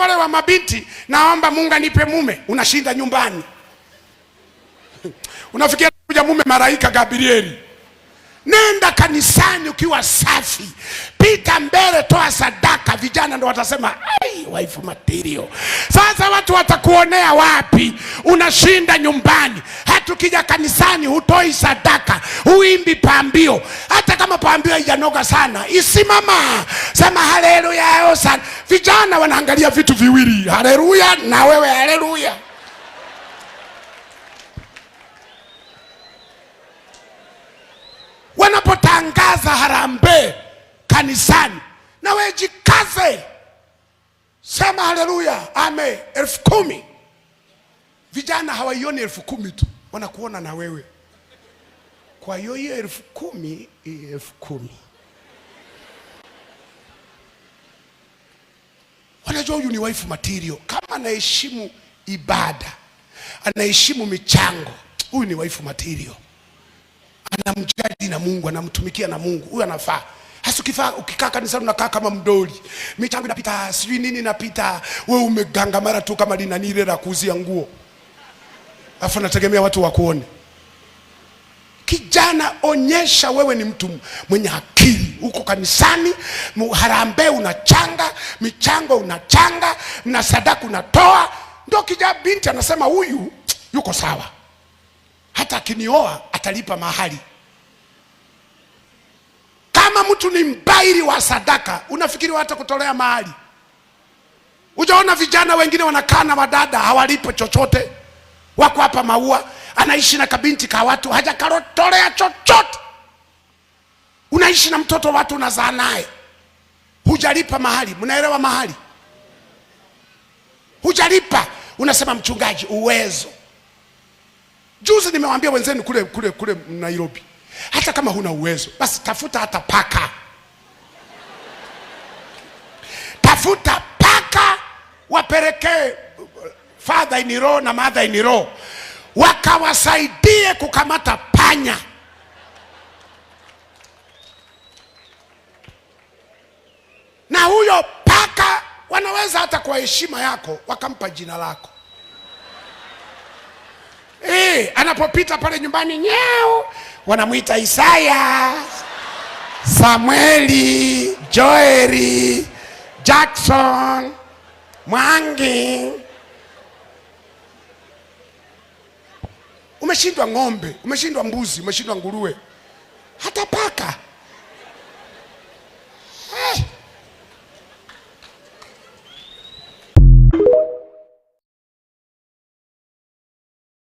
Wale wa mabinti, naomba Mungu anipe mume, unashinda nyumbani unafikia kuja mume maraika Gabrieli. Nenda kanisani ukiwa safi, pita mbele, toa sadaka. Vijana ndo watasema ai, waifu material. Sasa watu watakuonea wapi? Unashinda nyumbani. Hata ukija kanisani hutoi sadaka, huimbi pambio. Hata kama pambio haijanoga sana, isimama sema haleluya yo sana. Vijana wanaangalia vitu viwili, haleluya na wewe haleluya. Wanapotangaza harambee kanisani, na wewe jikaze, sema haleluya ame elfu kumi. Vijana hawaioni elfu kumi tu, wanakuona na wewe. Kwa hiyo hiyo elfu kumi, elfu kumi unajua huyu ni wife material. Kama anaheshimu ibada, anaheshimu michango, huyu ni wife material, anamjadi na Mungu, anamtumikia na Mungu, huyu anafaa hasa ukikaa kanisani unakaa kama mdoli, michango inapita, sijui nini inapita, wewe mara tu kama linanile la kuuzia nguo, afu nategemea watu wakuone. Kijana, onyesha wewe ni mtu mwenye akili. Uko kanisani, harambee unachanga, michango unachanga, na sadaka unatoa, ndo kijana binti anasema huyu yuko sawa, hata akinioa atalipa mahali. Kama mtu ni mbairi wa sadaka, unafikiri hata kutolea mahali? Ujaona vijana wengine wanakaa na wadada hawalipo chochote, wako hapa maua anaishi na kabinti ka watu hajakarotolea chochote. Unaishi na mtoto watu unazaa naye, hujalipa mahali. Mnaelewa mahali hujalipa, unasema mchungaji, uwezo. Juzi nimewaambia wenzenu kule kule kule Nairobi, hata kama huna uwezo basi tafuta hata paka, tafuta paka wapelekee father in law na mother in law wakawasaidie kukamata panya. Na huyo paka wanaweza hata kwa heshima yako wakampa jina lako. E, anapopita pale nyumbani nyeu wanamwita Isaya, Samueli, Joeri, Jackson, Mwangi Umeshindwa ng'ombe, umeshindwa mbuzi, umeshindwa nguruwe, hata paka.